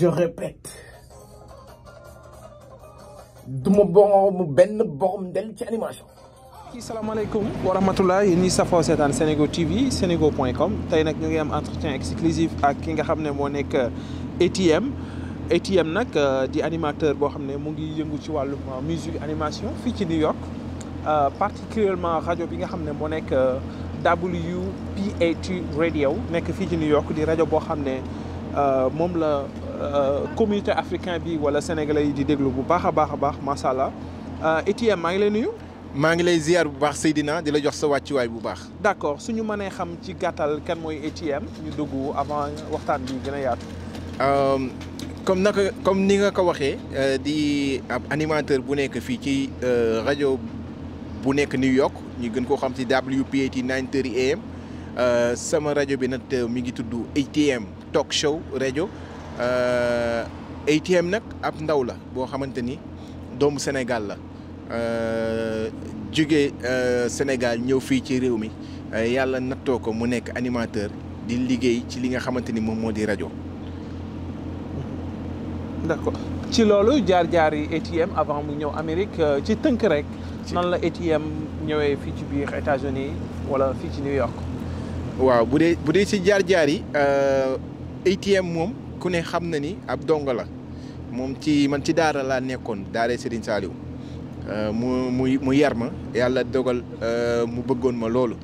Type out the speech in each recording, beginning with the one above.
je répète duma mu benn borom ndel ci animation salaamaaleykum wa rahmatulah yéen ñi safoo seetaan Sénégo TV sénégo point com tey nag ñu ngi am entretien exclusif ak ki nga xam ne moo nekk euh, ATM ATM nag euh, di animateur boo xam ne mu ngi yëngu ci wàllum euh, musique animation fii ci New York particulièrement rajo bi nga xam ne moo nekk WPAT radio nekk fii ci New York di rajo boo xam ne moom la Euh, communité africain bi wala sénégalais yi di déglu bu baax a baax a baax macha allah Etienne euh, maa ngi lay nuyu. maa ngi lay ziar bu baax Seydina di la jox sa wàccuwaay bu baax. d'accord suñu manee xam ci gàttal kan mooy Etienne ñu dugg avant waxtaan bi gën a euh, comme naka comme ni nga ko waxee di ab animateur bu nekk fii ci rajo bu nekk New York ñu gën koo xam ci WPAT 9:30 AM sama rajo bi nag mi ngi tudd ATM talk show rajo. Euh, ATM nag ab ndaw la boo xamante ni doomu Sénégal la euh, jóge euh, Sénégal ñëw fii ci réew mi yàlla nattoo ko mu nekk animateur di liggéey ci li nga xamante ni moom moo di rajo. d'accord ci loolu jaar jaari yi ATM avant mu ñëw Amérique ci tënk rek. nan la ATM ñëwee fii ci biir États-Unis wala fii ci New York. waaw bu dee bu dee ci jaar-jaar ATM moom. ku ne xam na ni ab dongo la moom ci man ci daara laa nekkoon daara Serigne Saliou euh, mu mu mu yar ma yàlla dogal euh, mu bëggoon ma loolu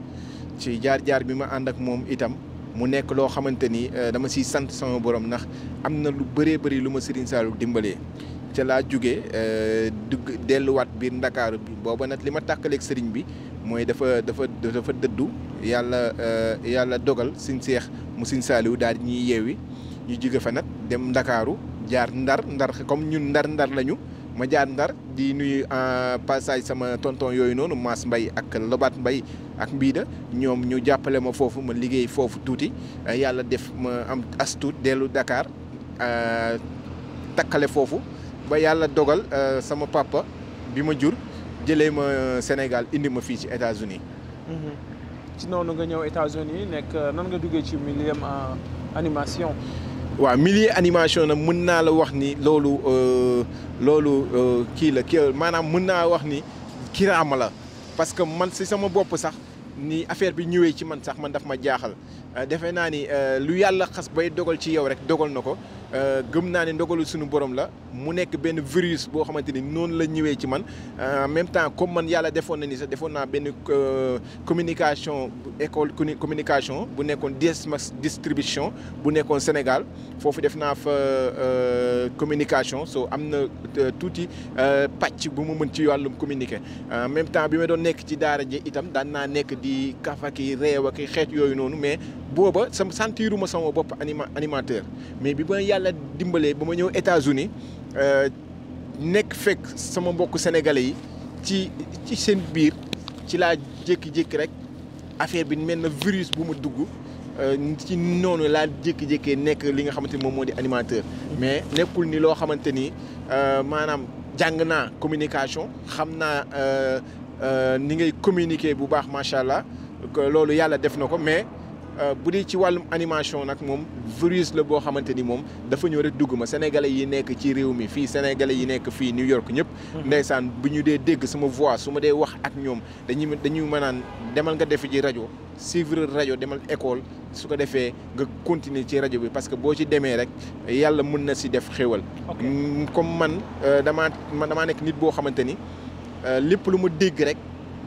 ci jaar jaar bi ma ànd ak moom itam mu nekk loo xamante ni euh, dama siy sant sama borom ndax am na lu bëree bëri lu ma Serigne Saliou dimbalee ca laa jugee dugg delluwaat biir ndakaaru bi booba nag li ma tàkkaleeg sëriñ bi mooy dafa dafa dafa dëddu yàlla yàlla dogal suñ seex mu suñ saaliwu daal di ñuy yeewi ñu jóge fa nag dem ndakaaru jaar ndar ndar comme ñun ndar ndar lañu ma jaar ndar di nuyu en passage sama tonton yooyu noonu Maas Mbay ak Lobaat Mbay ak Mbiida ñoom ñu jàppale ma foofu ma liggéey foofu tuuti yàlla def ma am as tuut dellu Dakar euh, takkale foofu ba yàlla dogal euh, sama papa bi ma jur jëlee ma euh, Sénégal indi ma fii ci États-Unis mhm. ci noonu nga ñëw États-Unis nekk nan nga duggee ci milieu animation. waaw milieu animation nag mën naa la wax ni loolu euh, loolu euh, kii la kii maanaam mën naa wax ni kiraama la parce que man si sama bopp sax ni affaire bi ñëwee ci man sax man daf ma jaaxal Euh, defe naa ni euh, lu yàlla xas bay dogal ci yow rek dogal na ko euh, gëm naa ne ndogalu sunu borom la mu nekk benn virus boo xamante ni noonu la ñëwee ci man en même temps comme man yàlla defoon na ni defoon naa benn communication école communication bu nekkoon DSMAS distribution bu nekkoon Sénégal foofu def naa fa communication soo am na tuuti pàcc bu mu mën ci wàllum communiquer en même temps bi ma doon nekk ci daara ji itam daan naa nekk di kaf ak i réew ak i xeet yooyu noonu mais. booba sama sentiruma sama bopp anima animateur mais bi ma yàlla dimbalee ba ma ñëw États-Unis euh, nekk fekk sama mbokk sénégalais yi ci ci seen biir ci laa jékki-jékki rek affaire bi mel na virus bu ma dugg euh, ci noonu laa jékki-jékkee nekk li nga xamante ni moom moo di animateur mais nekkul ni loo xamante ni euh, maanaam jàng naa communication xam naa ni ngay communiquer bu baax macha allah loolu yàlla def na ko mais Euh, bu dee ci wàllum animation nag moom virus la boo xamante ni moom dafa ñëw rek dugg ma sénégalais yi nekk ci réew mi fii sénégalais yi nekk fii New York ñëpp. Mhm. ndeysaan bu ñu dee dégg sama voix su ma dee wax ak ñoom dañuy dañuy mën naan demal nga def ci rajo suivre rajo demal école su ko defee nga continuer ci rajo bi parce que boo ci demee rek yàlla mën na si def xéwal. Mm, comme man euh, damaa man damaa nekk nit boo xamante ni euh, lépp lu ma dégg rek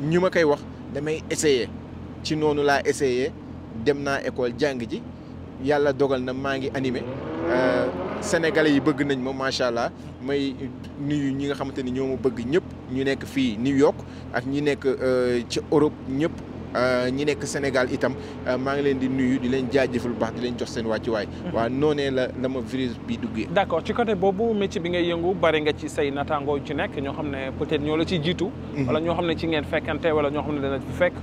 ñu ma koy wax damay essayer ci noonu laa dem naa école jàng ji yàlla dogal na maa ngi animé euh, sénégalais yi bëgg nañ ma macha allah may nuyu ñi nga xamante ni ñoo ma bëgg ñëpp ñu nekk fii New York ak ñi nekk euh, ci Europe ñëpp euh, ñi nekk Sénégal itam maa ngi leen di nuyu di leen jaajëfal bu baax di leen jox seen wàccuwaay. Mhm. waaw noonee la la ma virus bi duggee. d' accord ci côté boobu métier bi ngay yëngu bari nga ci say nataangoo ci nekk ñoo xam ne peut-être ñoo la ci jiitu. Mhm. wala ñoo xam ne ci ngeen fekkante wala ñoo xam ne dana ci fekk.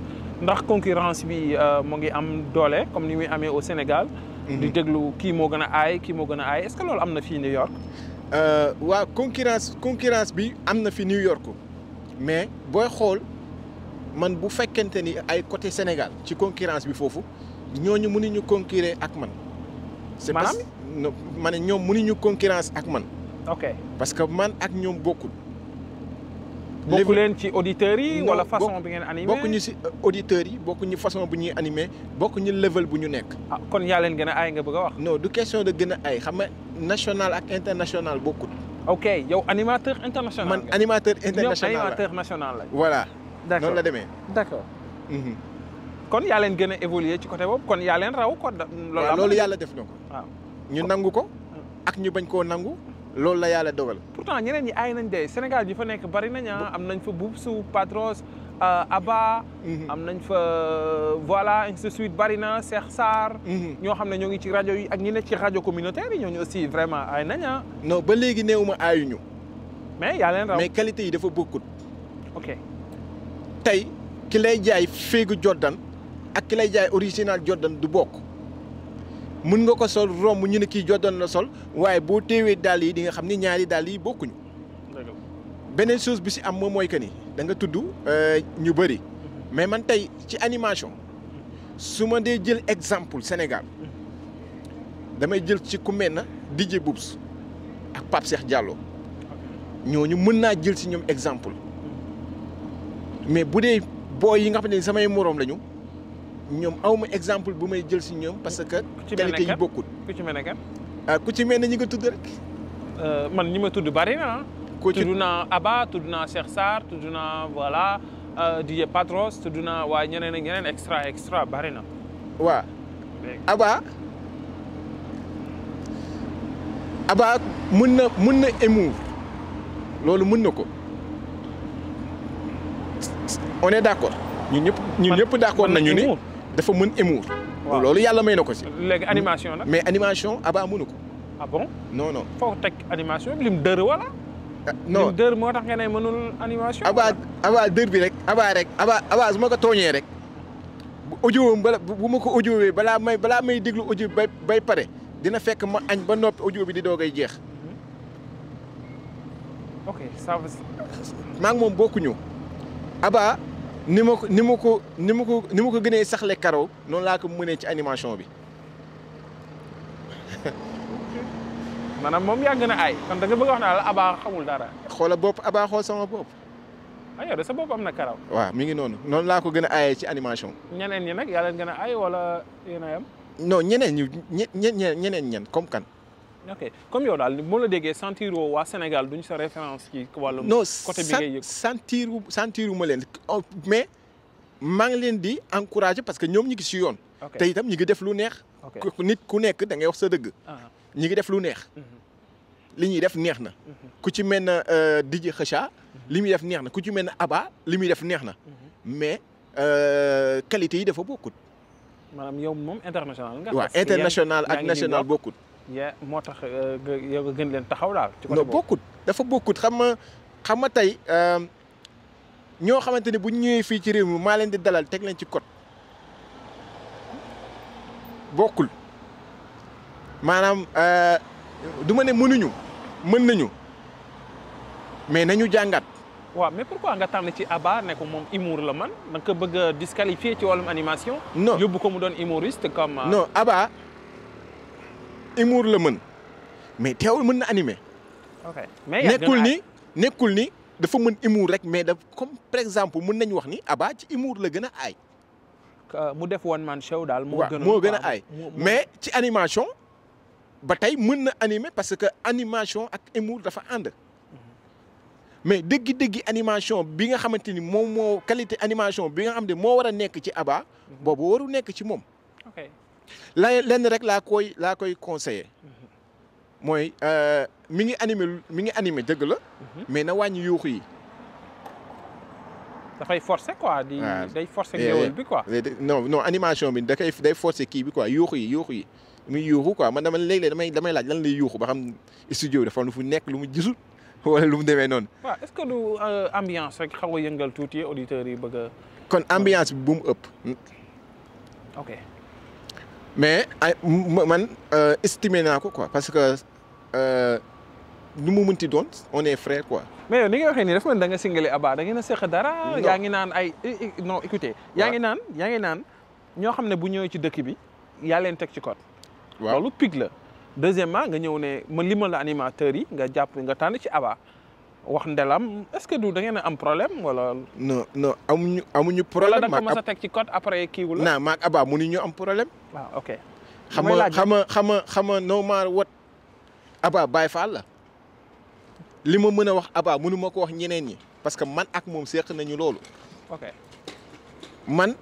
ndax concurrence bi euh, mu ngi am doole comme ni muy amee au Sénégal. Mhm. di déglu kii moo gën a aay kii moo gën a aay est-ce que loolu am na fii New York. Euh, waaw concurrence bi am na fi New York mais booy xool man bu fekkente ni ay côté Sénégal ci concurrence bi foofu ñooñu mënuñu concurrer ak man. c'est parce que ma ñoom mënuñu concurrence ak man. ok parce que man ak ñoom bokkul. bokk leen ci auditeurs yi. wala façon bi ngeen animé bokk ñu si euh, auditeurs yi bokk ñu façon bu ñuy animé bokk ñu level bu ñu nekk. Ah, kon yaa leen gën a aay nga bëgg wax. non du question de gën a aay xam nga national ak international bokkut. ok yow animateur international. animateur international la animateur national la. voilà noonu la demee. d'accord mhm. kon yaa leen gën a évolué ci côté boobu kon yaa leen raw. kon loolu yàlla def na ko. waaw ah. ñu nangu ko. Ah. ak ñu bañ koo nangu. loolu la yàlla dogal. pourtant ñeneen ñi aay nañ de Sénégal ñi fa nekk bari nañ ah. am nañ fa Boubsou Patros euh, Abba. Mhm. am nañ fa euh, voilà ainsi de suite bari na Cheikh Sarr. Mhm. ñoo xam ne ñoo ngi ci rajo yi ak ñi nekk ci rajo communautaire yi ñu aussi vraiment ay naña ah. non ba léegi néewuma aayuñu. mais yaa leen raw yi dafa bokkut. ok ki lay jaay féegu Jordan ak ki lay jaay original Jordan du bokk. mën nga ko sol romb ñu ne kii jotoon la sol waaye boo téewee dàll yi di nga xam ni ñaari dàll yi bokkuñu. beneen chose bi ci am moom mooy que ni da nga tudd euh, ñu bëri. mais man tey ci animation su ma dee jël exemple Sénégal damay jël ci ku mel na DJ ak Pape Cheikh Diallo ñooñu mën naa jël si ñoom exemple mais bu dee booy yi nga xam ne samay moroom lañu. ñoom awma exemple bu may jël si ñoom parce que qualité yi bokkul ku ci mel ne ah, ku ci mel ne ñi nga tudd rek euh, man ñi ma tudd bari na ku ci tudd naa tudd naa Cheikh Sarr tudd naa voilà euh, Didier Patros tudd naa waaye ñeneen ak ñeneen extra extra bari na waaw Abba Abba mën na mën na émouvoir loolu mën na ko on est d'accord ñu ñëpp ñun ñëpp d'accord nañu ni dafa mën émour loolu yàlla may na ko si. léegi animation nag. mais animation Abba mënu ko. ah bon non non. foo teg animation lim dër wala. Ah, non lim dër moo tax nga ne mënul animation. Abba dër bi rek. Abba rek Abba Abba su ma ko tooñee rek bu audio bala bu ma ko audiowee balaa may balaa may déglu audio bay bay pare dina fekk ma añ ba noppi audio bi di doogay jeex. ok ça ni ma ko ni ma ko ni ma ko ni ma ko gënee saxle karaw noonu laa ko mënee ci animation bi. maanaam moom yàgg na ay kon da nga bëgg wax ne Abba xamul dara. xoolal bopp Abba xool sama bopp. ah yow de sa bopp am na karaw. waaw mi ngi noonu noonu laa ko gën a aayee ci animation. ñeneen ñi nag yaa leen gën ay wala yéen a yam. non ñeneen ñi ñeneen ñeneen ñan comme kan. ok comme yow daal moo la déggee sentir waa Sénégal duñ sa référence ci wàllu. côté bi ngay yëg non sentir ma leen mais maa ngi leen di encourager parce que ñoom ñi ngi si yoon. te itam ñi ngi def lu neex. nit ku nekk da ngay wax sa dëgg. Ah. ñi ngi def lu neex. Mhm. li ñuy def neex na. Mhm. ku ci mel ne euh, Dj Kheucha. Mhm. li muy def neex na ku ci mel ne Aba li muy def neex na. mais euh, qualité yi dafa bokkut. maanaam yow moom international nga. international ak national bokkut. ya moo tax euh, yow gën leen taxaw daal. ci bokkut dafa bokkut xam nga xam nga tey euh, ñoo xamante ni bu ñu ñëwee fii ci réew mi maa leen di dalal teg leen ci code bokkul maanaam euh, du ma ne mënuñu mën nañu mais nañu jàngat. waaw mais pourquoi nga tànn ci Abba ne ko moom humour la man da nga bëgg a disqualifier ci wàllum animation. non yóbbu ko mu doon humoriste comme. non Abba. humour la mën mais teewul mën na animer. ok mais nekkul ni nekkul ni dafa mën humour rek mais daf comme par exemple mën nañu wax ni aba ci humour la gën a aay. mu def one man show daal. mu gën a moo gën a aay mais ci animation. ba tey mën na animer parce que animation ak humour dafa ànd. Mhm. mais dëgg-dëgg animation bi nga xamante ni moom moo qualité animation bi nga xam ne moo war a nekk ci aba mhm. boobu waru nekk ci moom. la lenn rek laa koy laa koy conseiller mooy euh, mi ngi animé mi ngi animé jëgg la. mais na wàññi yuuxu yi. dafay forcer quoi di ah. day forcer eh, eh. géwél bi quoi. Eh, animation bi da koy day forcer kii bi quoi yuuxu yi yuuxu yi muy yuuxu quoi man dama léeg-léeg damay damay laaj lan lay yuuxu ba xam studio bi dafa lu fu nekk lu mu gisul wala lu mu demee noonu. waaw est-ce que du euh, ambiance xaw a yëngal tuuti auditeurs yi bëgg kon ambiance bi bu mu ëpp. mais ay man euh, estimé naa ko quoi parce que euh, nu mu munti doon on est frère koi mais yow ni nga waxee nii dafa da nga singale Abba da ngeen a dara. yaa ngi naan ay non écoutez. yaa ngi naan yaa ngi naan ñoo xam ne bu ñëwee ci dëkk bi yaa leen teg ci code. waaw lu pig la deuxièmement nga ñëw ne ma limal la animateurs yi nga jàpp nga tànn ci Abba. wax ndelam est-ce que du da ngeen am problème wala. non non amuñu amuñu problème. wala da nga ko mës ci code après kii wul. non maag Abba mënuñu am problème. waaw ah, ok. mooy laaj xam xam nga xam nga no matter what Abba Baye Fall la li ma mën a wax Abba mënuma ko wax ñeneen ñi parce que man ak moom seq nañu loolu. ok man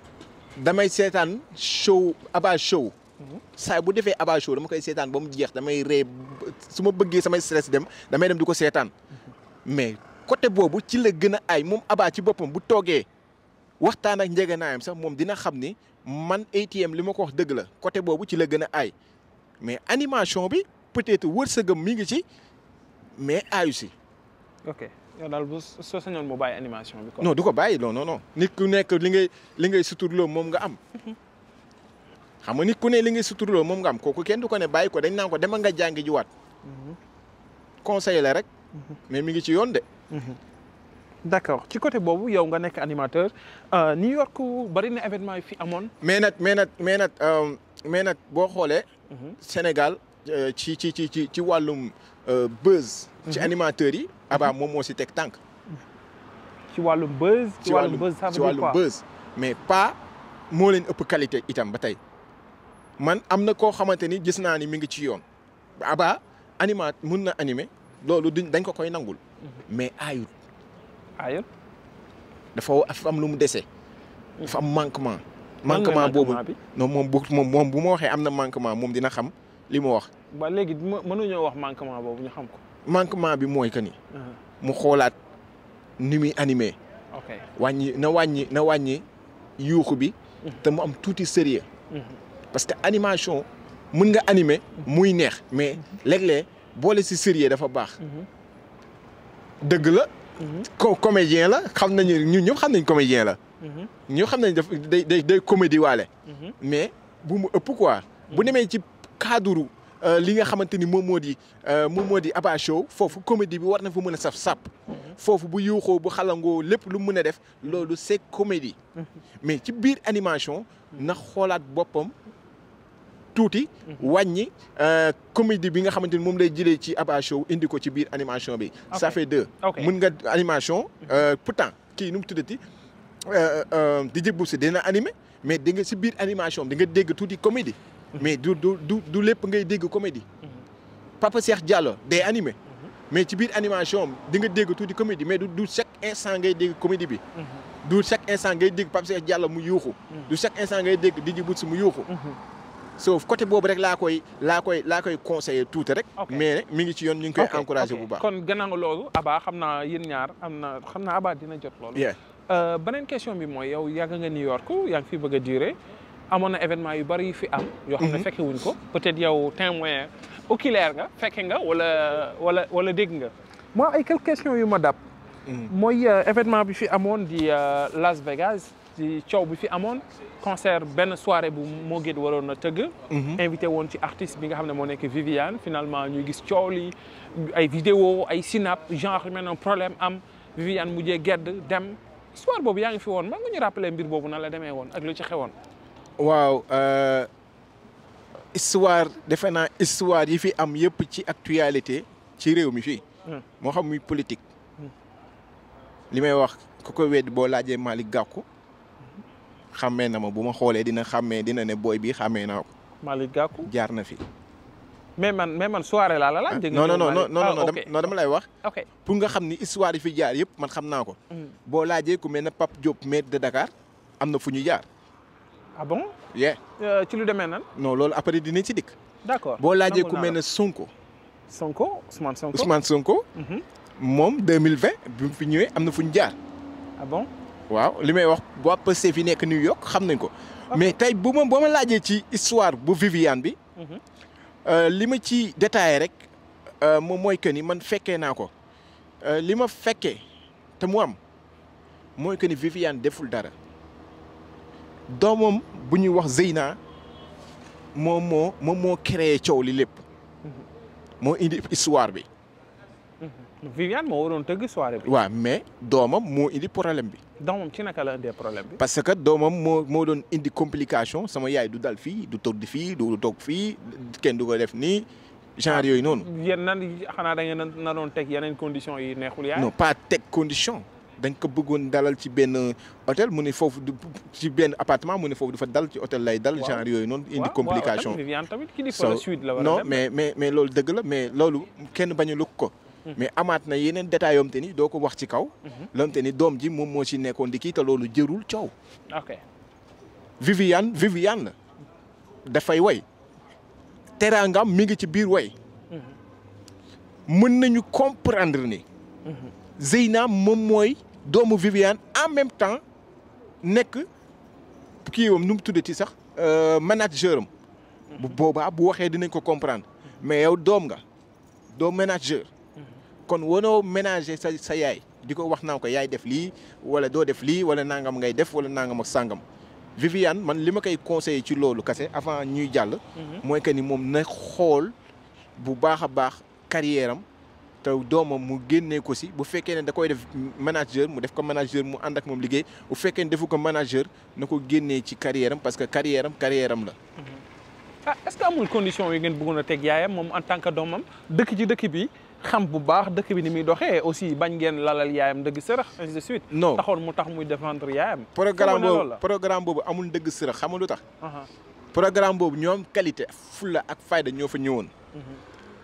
damay seetaan show Abba show. Mhm. saay bu defee Abba show dama koy seetaan ba mu jeex damay ree su ma bëggee samay stress dem damay dem di ko seetaan. Mhm. mais côté boobu ci la gën a ay moom abaa ci boppam bu toogee waxtaan ak njege naa njëganaayam sax moom dina xam ni man ATM li ma ko wax dëgg la côté boobu ci la gën a ay mais animation bi peut-être wërsëgam mi ngi ci mais aayu si. ok yow daal bu bàyyi animation bi. non du ko bàyyi non non nit ku nekk li ngay li ngay suturloo moom nga am. Mhm. xam nga nit ku ne li ngay suturloo moom nga am kooku kenn du ko ne bàyyi ko dañ naan ko dama nga jàngi juwaat mhm. conseil rek. mais mi ngi ci yoon de. Mhm. d'accord ci côté boobu yow nga nekk animateur euh, New York bari na événement yi fi amoon. mais nag mais nag mais nag euh, mais nag boo xoolee. Mhm. Sénégal euh, ci ci ci ci ci wàllum buzz. ci mhm. animateurs yi. Abba moom moo si teg tànk. ci wàllum buzz. ci wàllum buzz ça veut dire mais pas moo leen ëpp qualité itam ba tey man am na koo xamante ni gis naa ni mi ngi ci yoon Abba animat mun na animer. loolu duñ dañ ko koy nangul. Mhm. mais aayut. aayut. dafa dafa am lu mu dese. dafa am manquement. manquement boobu non moom bu moom bu ma waxee am na manquement moom dina xam li mu wax. ba léegi mënuñoo wax manquement boobu ñu xam ko. manquement bi mooy que ni. mu xoolaat ni muy animé. wàññi na wàññi na wàññi yuuxu bi. Mhm. te mu am tuuti sérieux mhm. parce que animation mën nga animer muy neex mais léeg-léeg boole si sérieux dafa baax. Mhm. dëgg la. ko mhm. comédien la xam nañu ñu ñëpp xam nañ comédien la. Mhm. ñu xam nañ daf day day day comédie waale. mais bu mu ëpp quoi. bu demee ci cadre euh, li nga xamante ni moom moo di euh, moom moo di Abba Show foofu comédie bi war na fa mën a saf sàpp. foofu bu yuuxoo bu xalangoo lépp lu mën a def loolu c'est comédie. mais ci biir animation. na xoolaat boppam. tuuti. wàññi euh, comédie bi nga xamante ni moom lay jilee ci Abba Show indi ko ci biir animation bi. ça fait deux. mën nga animation euh, pourtant kii nu mu tuddati di jëbbu si dina anime mais di nga si biir animation di nga dégg tuuti comédie. Mhm. mais du du du lépp ngay dégg comédie. Mhm. Papa Cheikh Diallo day animé. Mhm. mais ci biir animation di nga dégg tuuti comédie mais du du chaque instant ngay dégg comédie bi. du chaque instant ngay dégg Pape Cheikh Diallo mu yuuxu. du chaque instant ngay dégg mu so côté boobu rek laa koy laa koy laa koy conseiller tuuti rek. mais mi ngi ci yoon ñu ngi koy encourager bu baax. kon gannaaw loolu Aba xam naa yéen ñaar am na xam naa Aba dina jot loolu. Euh, beneen question bi mooy yow yàgg nga New York yaa ngi fi bëgg a durer amoon na événement yu bari yu fi am. yoo xam ne mhm. fekke wuñ ko peut-être yow témoin oculaire nga fekke nga wala wala wala dégg nga. moo ay quelques questions yu ma dab. Mhm. mooy euh, événement bi fi amoon di euh, Las Vegas. ci coow bi fi amoon concert benn soirée bu moo géet waroon na tëgg mhm. invité woon ci artiste bi nga xam ne moo nekk Viviane finalement ñuy gis coow li ay vidéo ay synap genre mel noonu problème am Viviane mujjee gedd dem soir boobu yaa ngi fi woon man nga ñu rappeler mbir boobu na la demee woon ak lu ci xewoon waaw euh, histoire defe naa histoire yi fi am yëpp ci actualité ci réew mi fii hmm. moo xam muy politique hmm. li may wax ku ko wedd boo laajee Malick Gakou xàmmee na ma bu ma xoolee dina xàmmee dina ne booy bi xàmmee naa ko. Malick Gakou jaar na fi. mais man mais man soirée laa la laaj. dégg non ah, non dama lay wax. pour nga xam ni histoire yi fi jaar yëpp man xam naa ko. Mm. boo laajee ku mel ne pap Diop maire de Dakar am na fu ñu jaar. a ah bon. yeah euh, ci lu demee nan. non loolu après dina ci dikk. d'accord boo laajee ku mel ne Sonko. Sonko Ousmane Sonko Ousmane Sonko. Mm-hmm. moom 2020 bi mu fi ñëwee am na fu ñu jaar. Ah waaw li may wax waa Pastef yi nekk New York xam nañ ko. mais tey bu ma ba ma laajee ci histoire bu Viviane bi. Mhm. Euh, li ma ci détaillé rek euh, moom mooy que ni man fekkee naa ko euh, li ma fekkee te mu am mooy que ni Viviane deful dara doomam bu ñuy wax Zeyna moom moo moom moo créé coow li lépp mhm. moo indi histoire bi. Viviane moo waroon tëgg soirée bi. waaw mais doomam moo indi problème bi. doomam ci naka la indee problème bi. parce que doomam moo moo doon indi complication sama yaay du dal fii du toog di fii du toog fii kenn du ko def nii genre yooyu noonu. yéen nan xanaa da ngeen na doon teg yeneen conditions yi neexul yaay. non pas teg condition. dañ ko bëggoon dalal ci benn hôtel mu ne foofu du ci benn appartement mu ne foofu du fa dal ci hôtel lay dal. genre yooyu noonu indi complication. waaw mais mais mais loolu dëgg la mais loolu kenn bañu lukk ko. mais amaat na yeneen détails yom te ni doo ko wax ci kaw. Mhm. lom te ni doom ji moom moo ci nekkoon di kii te loolu jërul coow. ok Viviane la dafay way teraangam mi ngi ci biir way mhm. mën nañu comprendre ni. Mhm. Zeyna moom mooy doomu Viviane en même temps nekk kii wam nu mu tuddati sax euh, manager am. bu boobaa bu waxee dinañ ko comprendre mais yow doom nga doo manager. kon waroo ménager sa sa yaay di ko wax naa ko yaay def lii wala doo def lii wala nangam ngay def wala nangam ak sàngam Viviane man li ma koy conseil ci loolu kese avant ñuy jàll. Mhm. mooy que ni moom na xool bu baax a baax carrière am te doomam mu génnee ko si bu fekkee ne da koy def manager mu def ko manager mu ànd ak moom liggéey bu fekkee ne defu ko manager na ko génnee ci carrière am parce que carrière am carrière la. Mhm. ah est-ce que amul condition yi ngeen bëggoon a teg yaayam moom en tant que doomam dëkk ci dëkk bi. xam bu baax dëkk bi ni muy doxee aussi bañ ngeen lalal yaayam dëgg sërëx ainsi taxoon mu tax muy défendre yaayam. programme boobu programme boobu amul dëgg sërëx xam nga lu tax. Uh-huh. programme boobu ñoom qualité fulla ak fayda ñoo fa ñëwoon. Uh-huh.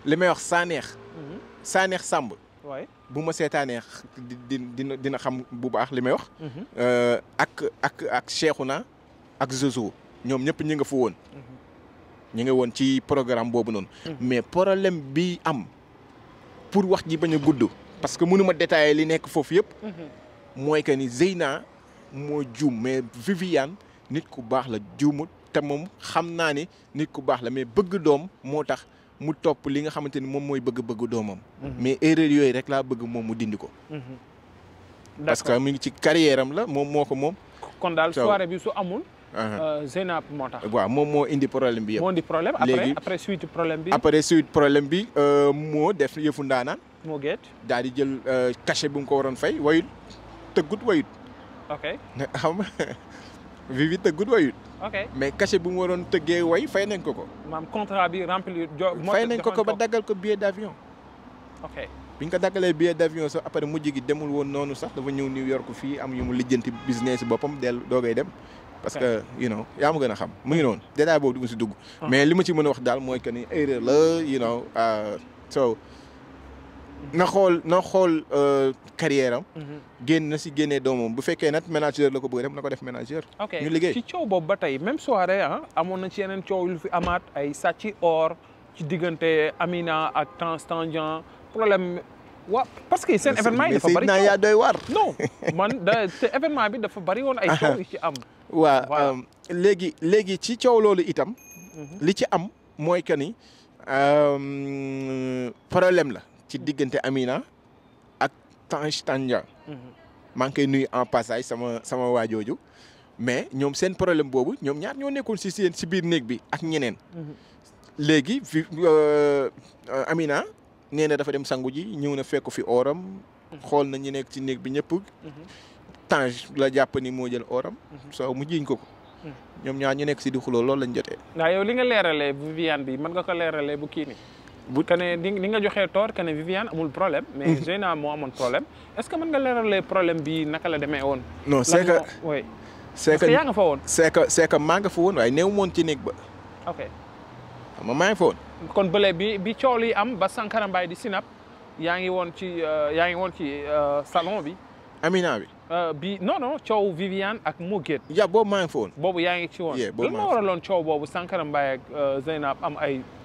li may wax saaneex. Uh-huh. saaneex sàmb. waay bu ma seetaanee dina dina xam bu baax li may wax. Euh, ak ak ak Cheikhouna ak Zozo ñoom ñëpp ñi nga fa woon. ñi nga woon ci programme boobu noonu. mais problème bi am. pour wax ji bañ a gudd parce que mënuma détailler li nekk foofu yëpp mhm. mooy que ni Zeyna moo juum mais Viviane nit ku baax la juumut te moom xam naa ni nit ku baax la mais bëgg doom moo tax mu topp li nga xamante ni moom mooy bëgg-bëgg doomam mhm. mais erreur yooyu rek laa bëgg moom mu dindi ko mhm. parce que mu ngi ci carrière la moom moo ko moom kon daal soirée bi su amul Uh-huh. Euh, Zeynab moo tax. waaw moom moo indi problème bi yëpp. moo indi problème après après suite problème bi. après suite problème bi euh, moo def yëfu ndaanaan. moo geet daal di jël euh, cachet bu mu ko waroon fay wayut tëggut wayut. ok xam vi vi tëggut wayut. ok mais cachet bu mu waroon tëggee way fay nañ ko ko. maam contrat bi rempli fay nañ ko ko ba daggal ko billet d' avion. ok bi ñu ko daggalee billet d' avion sax après mu gi demul woon noonu sax dafa ñëw New York fii am yu mu lijjanti business boppam dellu koy dem. parce que you know yaa ma gën a xam mu ngi noonu détail boobu du ma si dugg. Ah. mais li ma ci mën a wax daal mooy que ni erreur la you know euh, na xool na xool euh, carrière am. Mhm. génn na si génnee doomam bu fekkee nag manager la ko bëgg def na ko def manager. ñu liggéey ci coow boobu ba tey même soirée ah amoon na ci yeneen coow lu fi amaat ay sàcci or ci diggante Amina ak Tange Tandian problème waaw parce que seen événement yi dafa bari naa yaa doy waar. da te woon ci am. waaw léegi léegi ci coow loolu itam. Mhm. li ci am mooy que ni problème la ci diggante Amina ak Tange Tandian. Mhm. maa ngi koy en passage sama sama waa mais ñoom seen problème boobu ñoom ñaar ñoo nekkoon si seen si biir néeg bi ak ñeneen. Mhm. léegi euh, Amina. nee na dafa dem sangu ji ñëw na fekk fi oram. Mhm. xool na ñu nekk ci néeg bi ñëpp. Mhm. Tange la jàpp ni moo jël oram. Mhm. soo mu jiiñ ko ko. ñoom ñaar ñu nekk si di xuloo loolu lañ jotee. waaw yow li nga leeralee bu bi mën ko leeralee bu kii nii. bu que ne ni nga joxee tort que ne Viviane mul problème. mais Zeyna moo moon problème est ce que mën nga leerale problème bi naka la demee woon. non c' est que oui. c' est que yaa nga fa woon. c' waaye néew moon ci néeg ba. ok xam fo woon. kon bële bi bi coow li am ba Sankara Mbaye di Sinaab yaa ngi woon ci euh, yaa ngi woon ci euh, salon bi Amina bi Euh, bi non non coow Viviane ak Moget. ya boobu maa ngi boobu yaa ngi ci woon. lan moo waraloon coow boobu Sankara Mbaye ak euh, Zeynab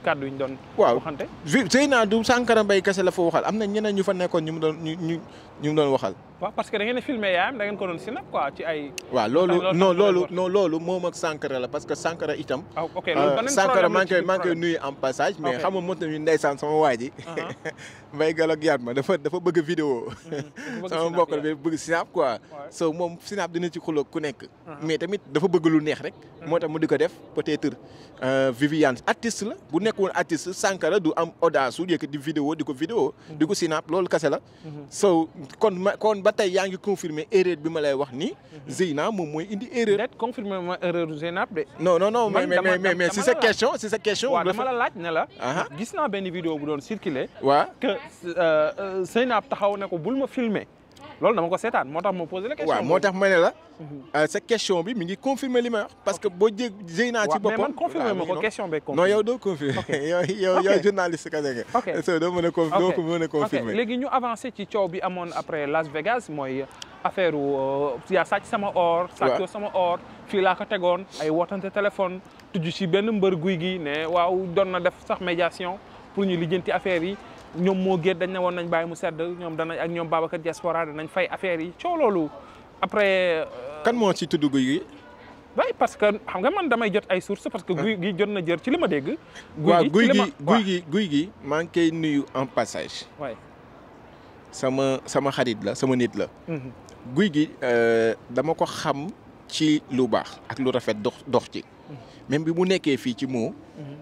yu doon. waxante waaw Zeynab du Sankara Mbaye kese la fa waxal am na ñeneen ñu fa nekkoon ñu doon ñu ñu ñu mu doon waxal. parce que a filmé yaayam da ngeen ko doon sinap Sankara la parce que Sankara itam. ah ok euh, loolu beneen Sankara maa ngi koy maa ngi koy nuyu en passage. mais xam nga mos nañu ndeysaan sama waa ji. Ah. Mbaye Gallo ak dafa dafa bëgg mm, sama mbokk bi bëgg sinap quoi quoi so moom Sinaab dina ci xuloog ku nekk uh-huh. mais tamit dafa bëgg lu neex rek uh-huh. moo tax mu di ko def peut-être euh, Viviane artiste la bu nekk woon artiste Sankara du am audace yëkkati di vidéo di ko vidéo di ko uh-huh. Sinaab loolu kase la so kon ma kon ba tey yaa ngi confirmé erreur bi ma lay wax nii Zeyna moom mooy indi erreur déet confirmé ma erreur Zeyna de non non non mais mais mais si sa question si sa question waaw dama la laaj ne la gis naa benn vidéo bu doon circulé waaw que euh, euh, Zeyna taxaw ne ko bul ma filme loolu dama ko seetaan moo tax ma posé la question. moo tax ma ne la. Mhm. Euh, sa question bi mi ngi confirmer li ma parce que boo jé jëy naa ci boppam. waaw mais man confirmer ma ko question beeg. non yow doo confirmer. ok yow ka nga. soo doo mën a conf léegi ñu avancé ci coow bi amoon après Las Vegas mooy euh, affaire euh, yaa sàcc sama or. waaw sàcc sama or fii laa ko tegoon ay wootante téléphone. tudd ci benn mbër guy gi ne waaw doon na def sax médiation pour ñu lijjanti affaire yi. ñoom moo géet dañ ne woon nañ bàyyi mu sedd ñoom danañ ak ñoom Babacar diaspora danañ fay affaire yi coow loolu après. Euh, kan moo ci tudd guy gi. oui parce que xam nga man damay jot ay source parce que guy gi jot na jër ci li ma dégg. guy gi guy gi guy gi maa ngi koy nuyu en passage. waay sama sama xarit la sama nit la. Mhm. guy gi euh, dama ko xam ci lu baax ak lu rafet dox dox ci. même bi mu nekkee fii ci moo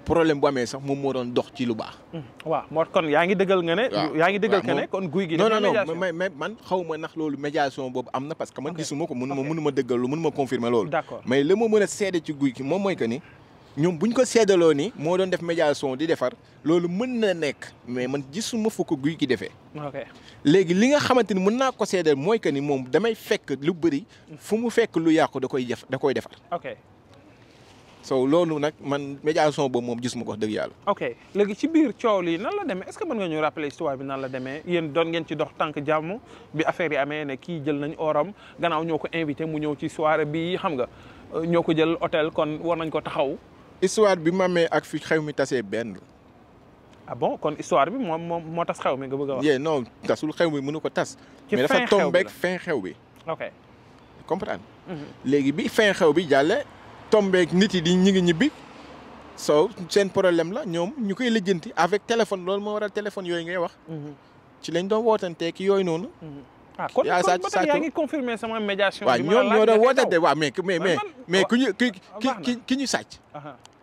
problème bu amee sax moom moo doon dox ci lu baax. Mm-hmm. waaw moo kon yaa ngi dëggal nga ne. yaa ngi dëggal nga ne kon guy gi. non non non mais mais man xaw ma loolu médiation boobu am na parce que man gisuma ko mënuma mënuma dëggal lu mënuma confirmer loolu. d'accord mais li ma mën a seede ci guy gi moom mooy ñoom bu ñu ko seedaloo ni moo doon def di defar loolu mën na nekk mais man gisuma fu guy gi defee. ok léegi li nga xamante ni mën naa ko seedal mooy que ni moom damay fekk lu bëri fu mu fekk lu yàqu da koy def da koy defar. ok so loolu nag man médiation boobu moom gis ma ko dëgg yàlla. ok léegi ci biir coow lii nan la demee est-ce que mën nga ñu rappeler histoire bi nan la demee yéen doon ngeen ci dox tànk jàmm bi affaire yi amee ne kii jël nañ oram gannaaw ñoo ko invité mu ñëw ci soirée bi xam nga euh, ñoo ko jël hôtel kon war nañ ko taxaw. histoire bi ma amee ak fi xew mi tasee benn. ah bon kon histoire bi moom moom moo tas xew mi nga bëgg a wax. yee non tasul xew mi mënu ko tas. ci fin xew bi mais dafa tombeek fin xew bi. ok comprendre. Mhm. léegi tombeek nit yi di ñu ngi ñibbi so seen problème la ñoom ñu koy lijjanti avec téléphone loolu moo waral téléphone yooyu ngay wax. Mhm. ci lañ doon te ki yooyu noonu. Mhm. ah kon kon ngi confirmé sama médiation. waaw ñoom ñoo doon wootante waaw mais mais mais ku ñu ki ah, ñu sàcc.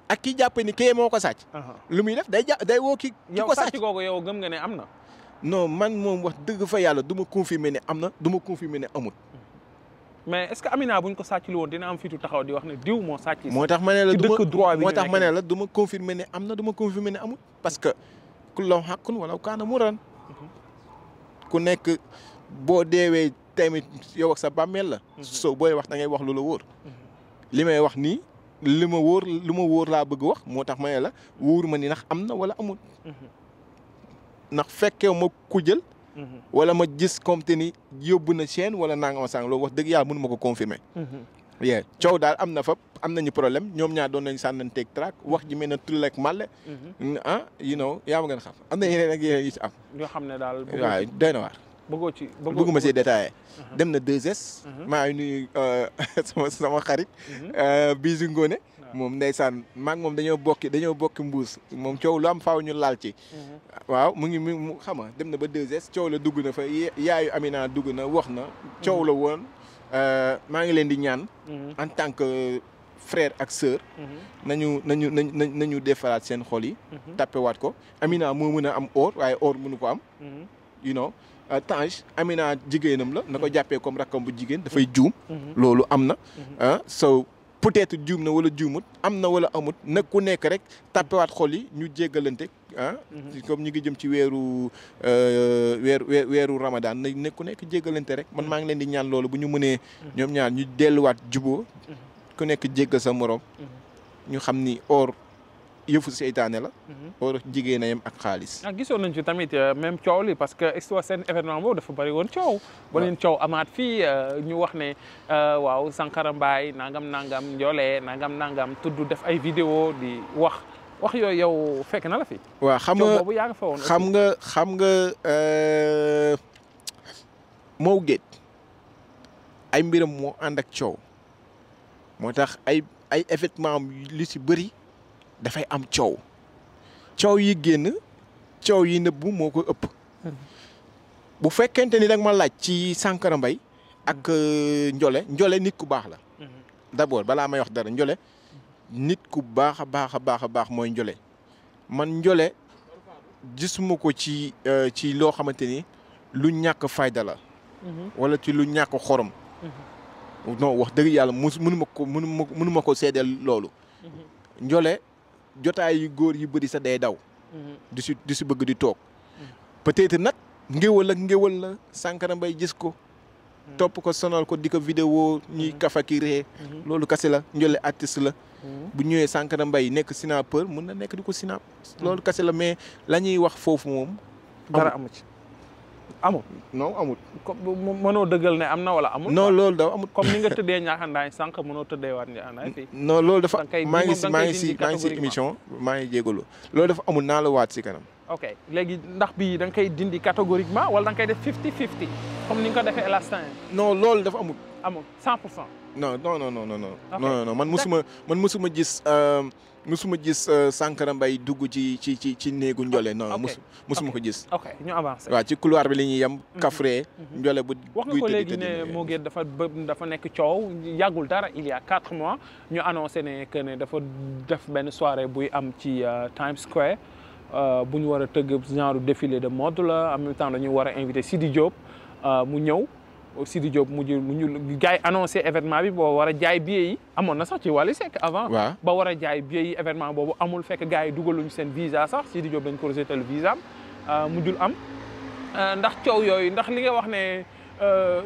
ak ki jàpp ni kii moo ko sàcc. lu muy def day ja day woo ki. ki ko sàcc yow sàcc googu yow gëm nga ne am na. non man moom wax dëgg fa yàlla duma ma confirmé ne am na du ma confirmé ne amut. Mhm. mais est-ce que Amina bu ñu ko sàccul woon dina am fitu taxaw di wax ne diw moo sàcc. moo tax ma ne la du ma moo tax ma ne la du ne am na du ma confirmer ne parce que ku law walla wala kaana mu ran ku nekk boo deewee tamit yow ak sa bàmmeel la. Mhm. soo booy wax da ngay wax lu la wóor. Mhm. li may wax nii li ma wóor li ma wóor laa bëgg wax moo tax ma ne la wóor ma ni nax am na wala amul. Mhm. ndax fekkee ma ku jël. Mm-hmm. wala ma gis comme ni yóbbu na chaîne wala nangam sàng loolu wax dëgg yàlla mënu ma ko confirmer. Mm-hmm. yee coow daal am na fa am nañu problème ñoom ñaar doon nañu sànnanteeg track wax ji mel ne tull ak màlle. Mm-hmm. ah you know yaa ma gën xam am na yeneen ak yeneen yu ci am. yoo xam ne daal waaw doy na waar. dem na 2 maa ngi nuyu euh, sama sama xarit. Euh, Bijou Ngoné. moom ndeysaan maag moom dañoo bokki dañoo bokki mbuus moom coow lu am faaw ñu laal ci mhm. waaw mu ngi mu xam nga dem na ba 2S coow la dugg na fa yaayu Amina dugg na wax na coow mhm. la woon euh, maa ngi leen di ñaan mhm. en tant que frère ak sœur nañu nañu nañ nañu defaraat seen xol yi tappewaat ko Amina moo mën a am or waaye or mënu ko am you know euh, Tange Amina jigéenam la na ko jàppee comme rakkam bu jigéen dafay juum loolu am na ah, peut-être juum na wala juumut am na wala amut nag ku nekk rek tàppewaat xol yi ñu jéggalante ah. mhm. comme ñu ngi jëm ci weeru euh, weeru weeru Ramadan na ku nekk jéggalante rek man mhm. maa ngi leen di ñaan loolu bu ñu mënee. Mhm. ñoom ñaar ñu delluwaat juboo ku nekk jéggal sa morom. ñu xam ni or. yëfu seytaane la. Mhm. war jigéen a yem ak xaalis. ah gisoon nañ ci tamit euh, même coow li parce que histoire seen événement boobu dafa bari woon coow. ba leen coow amaat fii euh, ñu wax ne euh, waaw Sankara Mbaye nangam nangam njoolee nangam nangam tudd def ay vidéo di wax wax yooyu yow fekk na fi. waaw xam nga coow boobu yaa nga fa woon xam nga xam nga Mo Gates ay mbiram moo ànd ak coow moo tax ay ay événement am li si bëri. dafay am coow coow yi génn coow yi nëbbu moo ko ëpp. bu fekkente ni nag ma laaj ci Sankara Mbaye ak euh, njole njole nit ku baax la. Mhm. d'abord balaa may wax dara njole nit ku baax a baax a baax a baax mooy njole man Ndiolé gisuma ko ci euh, ci loo xamante ni lu ñàkk fayda la. Mhm. wala ci lu ñàkk xorom. Mhm. non wax dëgg yàlla mënuma ko mënuma ko mënuma ko seedeel loolu. Ndiolé jotaay yu góor yi bëri sa day daw. Mhm. du si du si bëgg di toog. peut-être nag ngéwal ak ngéwal la Sankara Mbaye gis ko. Mhm. topp ko sonal ko di ko vidéo ñuy mhm. kafa ki ree loolu kase la njole artiste la bu ñëwee Sankara Mbaye nekk sinapeur mun na nekk di ko sinap loolu kase la mais la ñuy wax foofu moom dara amu ci amul non amul. comme mënoo dëggal ne am na wala amul. non loolu dafa amul. comme ni nga tëddee ñaaxandaay sànq mënoo tëddee waat ñaaxandaay fii. non loolu dafa maa ngi si ngi si maa émission maa ngi jégalu loolu dafa amul naa la waat si kanam. ok léegi ndax bii danga nga koy dindi catégoriquement wala da kay koy def fifty fifty comme ni nga ko defee la non loolu dafa amul. amul 100 pour cent. non non non non non. man musuma man musuma gis euh, musuma gis euh, Sankara Mbaye dugg ci ci ci ci néegu Ndiolé. non musu musuma ko gis. ok ñu avancé. waaw ci couloir bi la ñuy yem. Mhm. Kaffré mhm. Ndiolé bu. wax nga ko léegi ne moo gën dafa dafa nekk coow yàggul dara il y a quatre mois ñu annoncé ne que ne dafa def benn soirée buy am ci euh, Times Square bu ñu war a tëgg genre défilé de mode la en même temps dañuy war a invité di Diop mu ñëw. Sidi Diop mujj mujj gars yi annoncé événement bi boo war a jaay billets yi amoon na sax ci Wally Seck avant ba war jaay billets yi événement boobu amul fekk gars yi dugaluñu seen visa sax Sidi Diop dañ ko rejeté le visa am euh, mujjul am euh, ndax coow yooyu ndax li nga wax ne euh,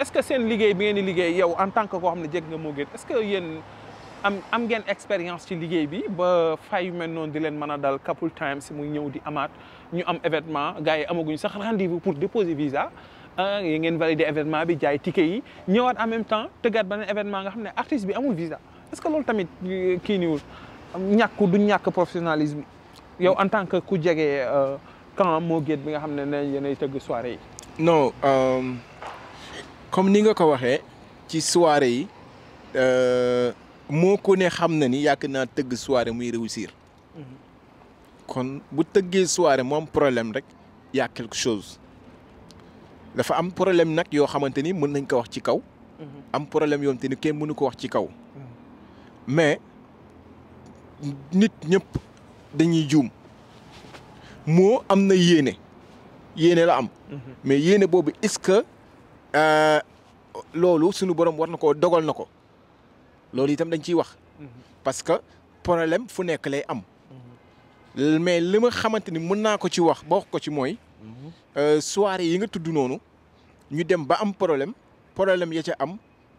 est-ce que seen liggéey bi ngeen di liggéey yow en tant que koo xam ne jég nga moo gën est que yéen am am ngeen expérience ci liggéey bi ba fay yu mel noonu di leen mën a dal couple si muy ñëw di amaat ñu am événement gars yi amaguñ sax rendez pour déposer visa ah euh, yi ngeen valider événement bi jaay ticket yi ñëwaat en même temps tëggaat beneen événement nga xam ne artiste bi amul visa est-ce que loolu tamit euh, kii niwul ñàkk du ñàkk professionnalisme yow en tant que ku jege euh, camp moo géet bi nga xam ne ne yéenay tëgg soirée yi ni nga ko waxee ci soirée yi moo ko ne xam na ni yàgg naa tëgg soirée muy réussir mhm. kon bu tëggee soirée moom problème rek y'a quelque chose dafa am problème nag yoo xamante ni mën nañ ko wax ci kaw. Mhm. am problème yoo xamante ni kenn mënu ko wax ci kaw. Mhm. mais nit ñëpp dañuy juum moo am na yéene yéene la am. Mhm. mais yéene boobu est-ce que euh, loolu sunu borom war na ko dogal na ko loolu itam dañ ciy wax. parce que problème fu nekk lay am. mais li ma xamante ni mën naa ko ci wax ba wax ko ci mooy. Euh, soirée yi nga tudd noonu ñu dem ba am problème problème ya ca am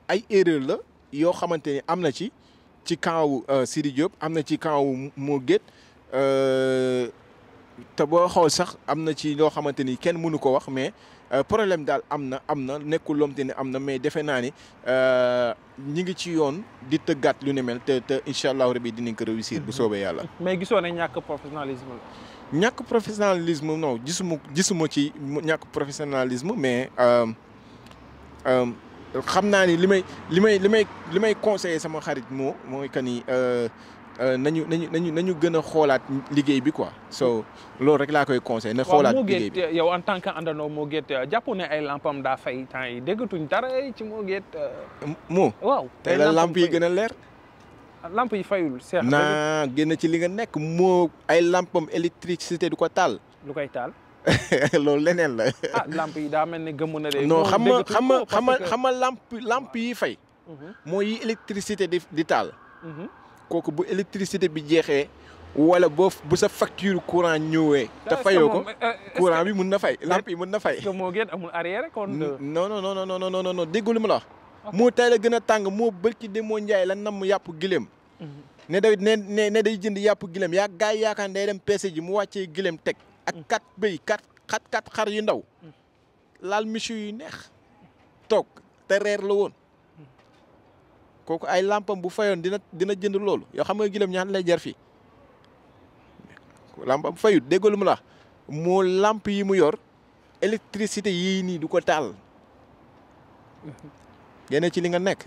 ay erreur la yoo xamante ni am na ci ci camp wu euh, Sidi Diop am na ci camp mu Mo Gates euh, te boo xool sax am na ci loo xamante ni kenn mënu ko wax mais problème daal am na am na nekkul lomte ni am na mais defe naa ni ñi ngi ci yoon di tëggaat lu ne mel te te incha allahu rabi dinañ ko réussir. bu soobee yàlla. mais gisoo ne ñàkk professionnalisme la. ñàkk professionnalisme non gisuma gisuma ci ñàkk professionnalisme mais euh, euh, xam naa ni li may li may li may li may conseiller sama xarit moo mooy que ni euh, nañu nañu nañu nañu gën a xoolaat liggéey bi quoi so loolu rek laa koy conseil na xoolaat liggéey bi yow en tant que àndandoo moo géet jàppoo ne ay lampam daa fay temps yi déggatuñ dara ci moo géet moo waaw tey la lamp yi gën a leer làmp yi fayul. seex naa génn ci li nga nekk moo ay lampam électricité du ko taal. lu koy taal. loolu leneen la. ah lamp yi daa mel ne gëmm na de. non xam xam nga xam nga xam lamp lamp yi fay. Mhm. mooy électricité di di taal. Mhm. kooku bu électricité bi jeexee. wala boo bu sa facture courant ñëwee. te fayoo ko euh, euh, courant bi mun na fay lamp yi mun na fay. moo gën amul arrière kon. non non la moo tay la gën a tàng moo bërki de njaay la nam yàpp gileem. Mm-hmm. ne day ne ne day jënd yàpp gilem yaa gaa yaakaar day dem pese ji mu wàccee gilem teg. Mm-hmm. ak kat bëy kat xar yu ndaw. Mm-hmm. laal michu yu neex. toog te reer la woon. kooku ay lampam bu fayoon dina dina jënd loolu yoo xam nga gilem ñaata lay jar fii. lampam fayut déggalu mu làmp yi mu yor électricité yii nii du ko taal. génne ci li nga nekk.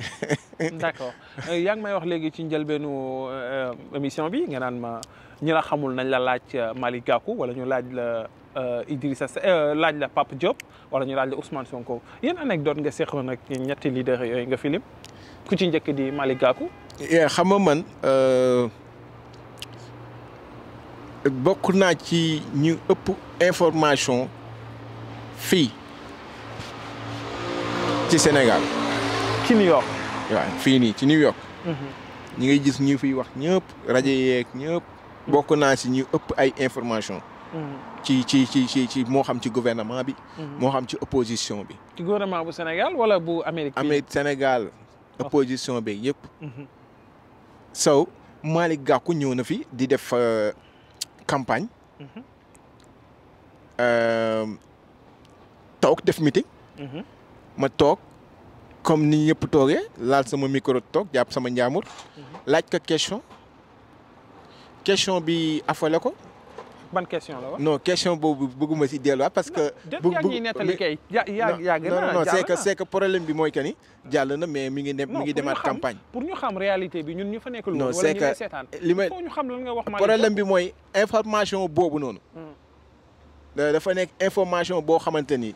d'accord euh, yaa ngi may wax léegi ci njëlbeenu euh, émission bi nga naan ma ñi la xamul nañ la laaj euh, Malick Gakou wala ñu laaj la Idrissa Seck laaj la pap Diop wala ñu laaj la Ousmane Sonko yéen anecdote nga seqoon ak ñetti leader yooyu nga filim ku ci njëkk di maligaaku Gakou. Eh, xam nga man bokk naa ci ñu ëpp information fii ci Sénégal. ci New York. fii nii ci New York. Mhm. ñi ngay gis ñu fi wax ñëpp rajo yeeg bokk naa si ñu ëpp ay information mhm. ci ci ci ci moo xam ci gouvernement bi. Mhm. moo xam ci opposition bi. ci gouvernement bu Sénégal wala bu Amérique. Amérique Sénégal opposition bi yëpp. Sow Malick Gakou ñëw na fi di def euh, campagne. Euh, toog def meeting. ma toog comme ni ñëpp toogee laal sama micro toog jàpp sama njaamur. laaj ko question question bi afale ko. ban question la woon non question boobu bëgguma si delluwaat parce que. bu bu non non c'est que c'est que problème bi mooy que ni. jàll na mais mi ngi dem mi ngi demaat campagne. pour ñu xam réalité bi ñun ñu fa nekk lu wala ñu lay seetaan li may problème bi mooy information boobu noonu. Hmm. Euh, dafa nekk information boo xamante ni.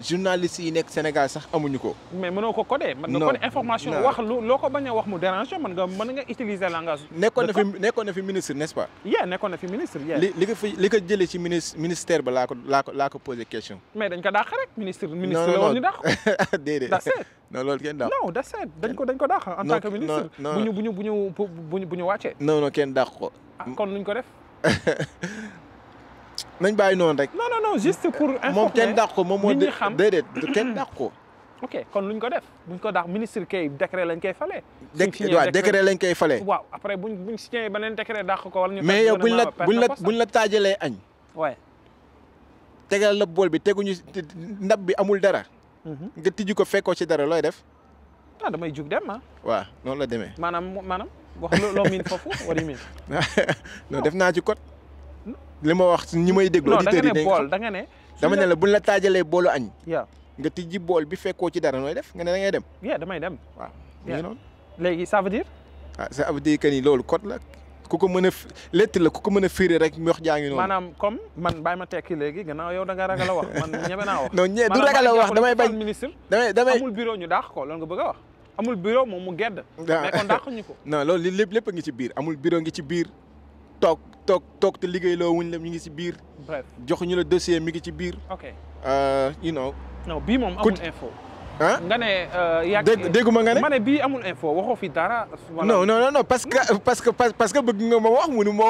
journalistes yi nekk Sénégal sax amuñu ko. mais mënoo ko codé. mën nga codé information wax loo ko bañ a wax mu dérange mën nga mën nga utiliser langage. nekkoon nekkoon na fi ministre n'est-ce pas. yee nekkoon na fi ministre li li ko fi li ko ci ministre ministère ba laa ko laa ko laa ko posé question. mais dañ ko dàq rek ministre. ministre loolu kenn dàq. non that's it dañ ko dañ ko dàq en tant que ministre. non non bu ñu bu ñu bu ñu bu ñu wàccee. non kenn dàq ko. Ah, kon nuñ ko def. nañ bàyyi noonu rek. non non non juste pour. informer moom kenn dàq ko moom moo déedéet kenn dàq ko. ok kon luñ ko def buñ ko daax ministre kay décret lañ koy falee. waaw décret lañ koy falee. waaw après buñ buñ signé beneen décret dàq ko wala ñu. mais yow buñ la buñ la buñ la taajalee añ. waay. tegal la bool bi teguñu ndab bi amul dara. Mhm. nga tijji ko fekkoo ci dara looy def. ah damay jug dem ah. waaw noonu la demee. maanaam maanaam wax loo miin foofu wala miin. non def naa ci code. li ma wax ñi may déglu auditeurs yi da nga ne dama ne la buñ la taajalee boolu añ. waaw nga tijji bool bi fekkoo ci dara nooy def nga ne da ngay dem. waaw damay dem. waaw ñu noonu. léegi ça veut dire. ah ça loolu code la ku ko mën a létti la ku ko mën a firi rek wax jaa ngi noonu. maanaam comme man bàyyi ma tekki léegi yow da nga a wax man ñeme naa wax. non ñe du ragal a wax damay bañ ministre. damay ñu daax ko loolu nga bëgg a wax. amul bureau moom mu gedd. Ah. mais kon daaxuñu ko. non loolu lépp lépp a ngi ci biir amul bureau ngi ci biir toog toog toog te liggéey loo wuñ mi ngi ci biir. jox ñu la dossier mi ngi ci biir. ok euh, you know. non bii moom amul info. ah nga ne euh, yaa ngi dégguma nga ne ma ne fi dara. non non non parce que hmm? parce que parce que bëgg nga ma wax ah, mu nu ma.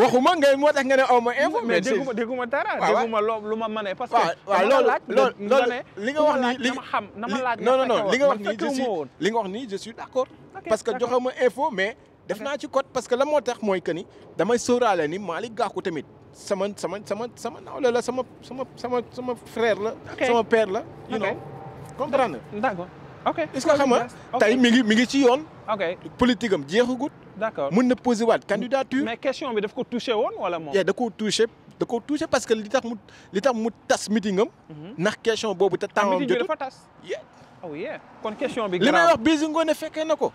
waxuma ngay moo tax nga ne aw ma info. mais dégguma dara. dégguma loo lu ma mën parce que waaw loolu loolu li nga wax nii li ma xam na ma laaj non li nga wax nii je li nga wax nii je d'accord. parce que joxuma info mais. def naa ci code parce que la moo tax mooy que ni damay sóoraale ni Malick Gakou tamit sama sama sama sama nawle la sama sama sama sama frère la. sama père la. you know comprendre d'accord ok est-ce que mi ngi mi ngi ci yoon. ok politique am jeexagut. d'accord mën na poser waat candidature. mais question bi daf ko toucher woon wala moom. da koo toucher da koo toucher parce que li tax mu li tax mu tas meeting mhm. ndax question boobu te ah, temps am jotul. ah meeting bi oh, bi. li may wax Bijou Ngoné fekkee na ko.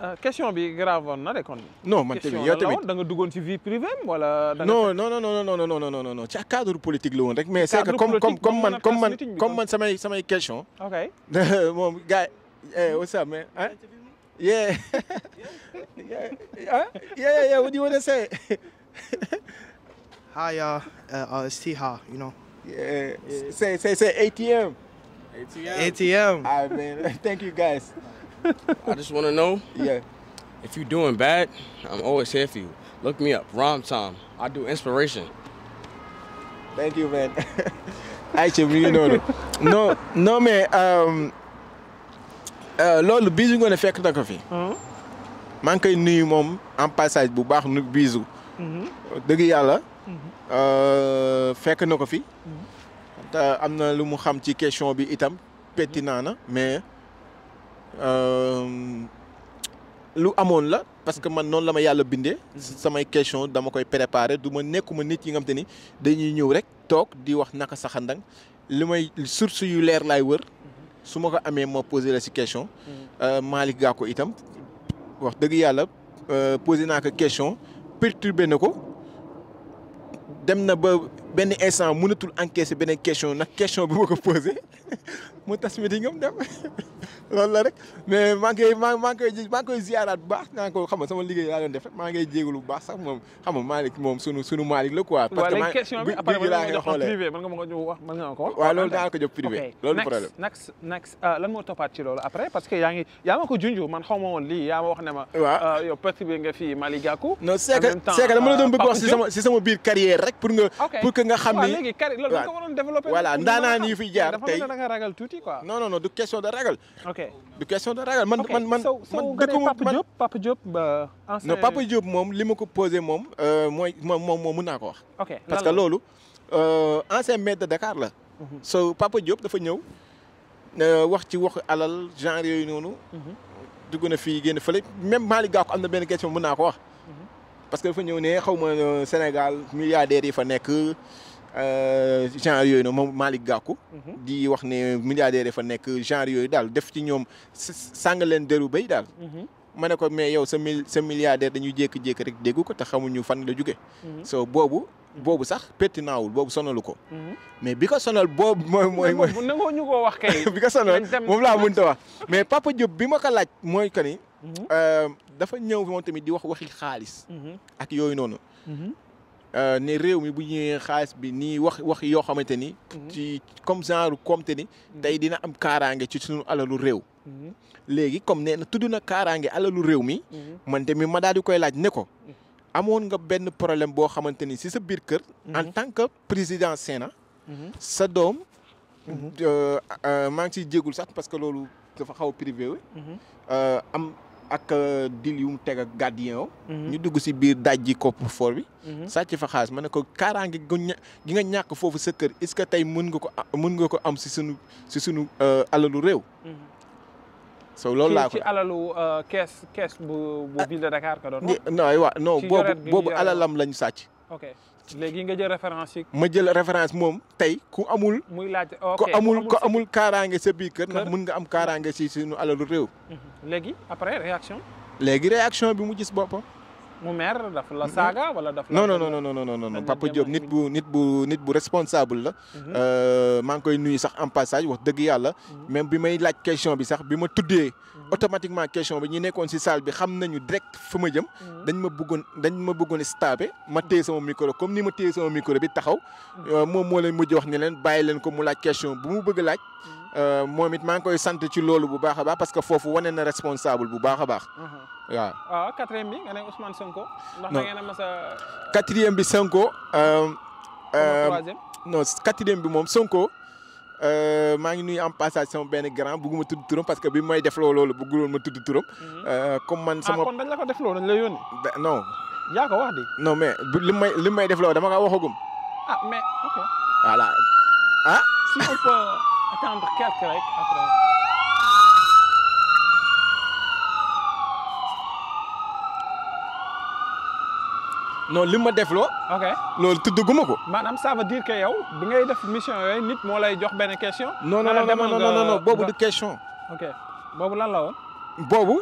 Euh, question bi grave woon na de man da nga duggoon ci vie privée wala. non non non non non non non non non ci cadre politique la woon mais c'est que comme comme samay samay moom gars yi. Eh, what's up man ah. yeah ah want to ATM. ATM. ATM. thank you guys. I just want to know. always here for Look me up, Rom Tom. I do inspiration. Thank you, man. ayca mi ngi noonu non mais loolu bisu ngoone fekk na ko fi. Hmm? maa ngi nuyu moom en passage bu baax nu bisu. Hmm? dëgg yàlla. Hmm. Euh, fekk na ko fi. am na lu mu xam ci question bi itam pertinent na mais. Euh, lu amoon la parce que man noonu la ma yàlla bindee samay question dama koy préparer du ma nekkuma nit yi nga te ni dañuy ñëw rek toog di wax naka sa li may source yu leer laay wër su ma ko amee ma posé la si question mm-hmm. euh, Malick Gakou itam wax dëgg yàlla euh, posé naa ko question perturbé na ko dem na ba benn instant mënatul encaisser beneen question nag question bi ma ko posé mu tas mi di ngam dem loolu la rek mais maa ngi koy maa maa ko xam sama liggéey laa doon def maa ngay jégalu baax sax moom xam nga moom sunu sunu la ko privé mën nga nga ko wax. waaw loolu daal problème next next euh, lan moo toppaat ci loolu après parce que yaa ngi yaa ma ko junj man xaw woon lii yaa ma wax ne ma. waaw euh, yow perturbé nga fii Mali Gakou. en même que nga xam ni léegi kari loolu ko waroon développé voilà ndaanaan yi fi jaar tey da nga ragal tuuti quoi non non non du question de ragal ok question de ragal man man man dëkkuma Papa Diop Papa Diop non Papa Diop moom li ma ko posé moom euh, mooy moom moom moom mun naa ko wax ok parce que loolu euh, ancien maire de Dakar la mhm. so Papa Diop dafa ñëw euh, wax ci wax alal genre yooyu noonu mhm. dugg na fii génn fële même Malick Gakou am na benn question mun naa ko wax parce que dafa ñëw ne xaw ma euh, Sénégal milliardaires yi fa nekk euh, genre yooyu noonu moom Malick Gakou. Mhm. di wax ne milliardaires yi fa nekk genre yooyu daal def ci ñoom sàng leen dëru béy daal. Mhm. ma ne ko mais yow sa mil sa milliardaire dañuy jékki jékk rek dégg ko te xamuñu fan la jóge mhm. so boobu boobu sax pertinent wul boobu sonalu ko. mais bi ko sonal boobu mooy mooy. mooy nangoo ñu koo wax kay. bi ko moom laa mënta wax mais Papa Diop bi ma ko laaj mooy que ni. Euh, dafa ñëw fi moom tamit di wax waxi xaalis. Mhm. ak yooyu noonu. Mhm. Euh, ne réew mi bu ñëwee xaalis bi nii wax wax yoo xamante ni. Mhm. ci comme genre comme te ni. tey dina am kaaraange ci suñu alalu réew. léegi comme nee na tudd na kaaraange alalu réew mi. man tamit ma daal di koy laaj ne ko. amoon nga benn problème boo xamante ni si sa biir kër. en tant que président Sénat. sa doom. Euh, maa ngi ciy jégul sax parce que loolu dafa xaw a privé am. ak euh, dil yu mu teg mhm. ñu dugg si biir dajji coffre-fort bi. Mhm. sàcc fa xaalis ma ne ko kaaraange gi nga ñàkk foofu sa kër est-ce que tey mën nga ko mën nga ko am si sunu si sunu euh, alalu réew. Mhm. so loolu laa ko ci alalu euh, bu bu ville de Dakar ka doon. boobu alalam lañu sàcc. léegi nga jël référence yi. ma jël référence moom tey ku amul. muy laaj ok ku amul ku amul kaaraange sa biir kër. ndax mun nga am kaaraange si suñu alalu réew. léegi après réaction. léegi réaction bi mu jis bopp mu mer daf la mm-hmm. saaga wala daf la. non non non non non non Papa Diop nit bu nit bu nit bu responsable la. Mm-hmm. Euh, maa ngi koy nuyu sax en passage wax dëgg yàlla. Mm-hmm. même bi may laaj question bi sax bi ma tuddee. automatiquement question bi ñi nekkoon si salle bi xam nañu direct fu ma jëm. dañ ma bëggoon dañ ma bëggoon stabé ma téye sama micro comme ni ma téye sama micro bi taxaw. Euh, moom moo leen mujj wax ni leen bàyyi leen ko mu laaj question bu mu bëgg laaj. Euh, moom it maa ngi koy sant ci loolu bu baax a baax parce que foofu wane na responsable bu baax a baax. Mhm. waaw waaw ah, quatrième bi nga ne Ousmane Sonko. ndax da ngeen a mas a. Euh, quatrième bi Sonko. Euh, non quatrième bi moom Sonko. maa ngi nuyu en passage sama benn grand bëgguma tudd turam parce que bi may defloo loolu bëgguloon ma tudd turam. Mhm. comme man sama ah kon dañ la ko defloo dañ la yónni. non. yaa wax de. non mais li may li may defloo dama kaa waxagum. ah, ah? attendre quelques rek après. li ma def loo. ok loolu tuddaguma ko. maanaam ça veut dire yow bi ngay def mission yooyu nit moo lay jox benn question. non non non non boobu du question. boobu lan la woon. boobu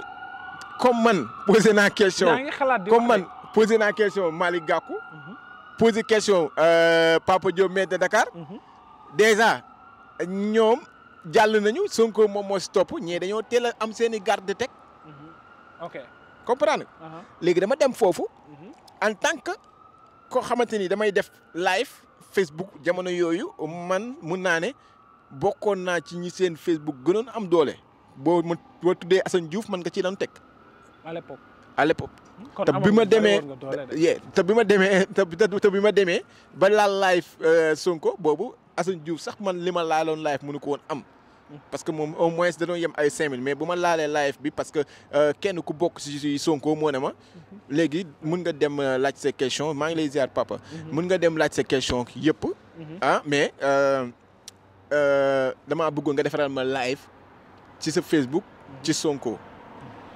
comme man posé naa question. xalaat di comme man posé naa question Malick Gakou. Mhm. posé question euh, Papa Diop de Dakar. Mhm. déjà. ñoom jàll nañu Sonko moom moo stop topp ñee dañoo teel a am seen i garde teg. Mhm. ok comprendre uh-huh. léegi dama dem foofu. Mhm. en tant que koo xamante ni damay def live Facebook jamono yooyu man mun naa ne bokkoon naa ci ñi seen Facebook gënoon am doole boo ma boo tuddee Assane Diouf man nga ci doon teg. à l'époque à hmm? bi ma demee te bi ma demee te bi ma demee ba laal live euh, Sonko boobu. Assane Diouf sax man li ma laaloon live mënu ko woon am. parce que moom au moins dañoo yem ay 5000 mais bu ma laalee live bi parce que euh, kenn ku bokk ci Sonko moo ne ma. léegi mun nga dem euh, laaj sa question maa ngi lay ziar papa. Mhm. mun nga dem laaj sa question yëpp. Mhm. ah mais euh, damaa bëggoon nga defaral ma live ci sa Facebook. Mhm. ci Sonko.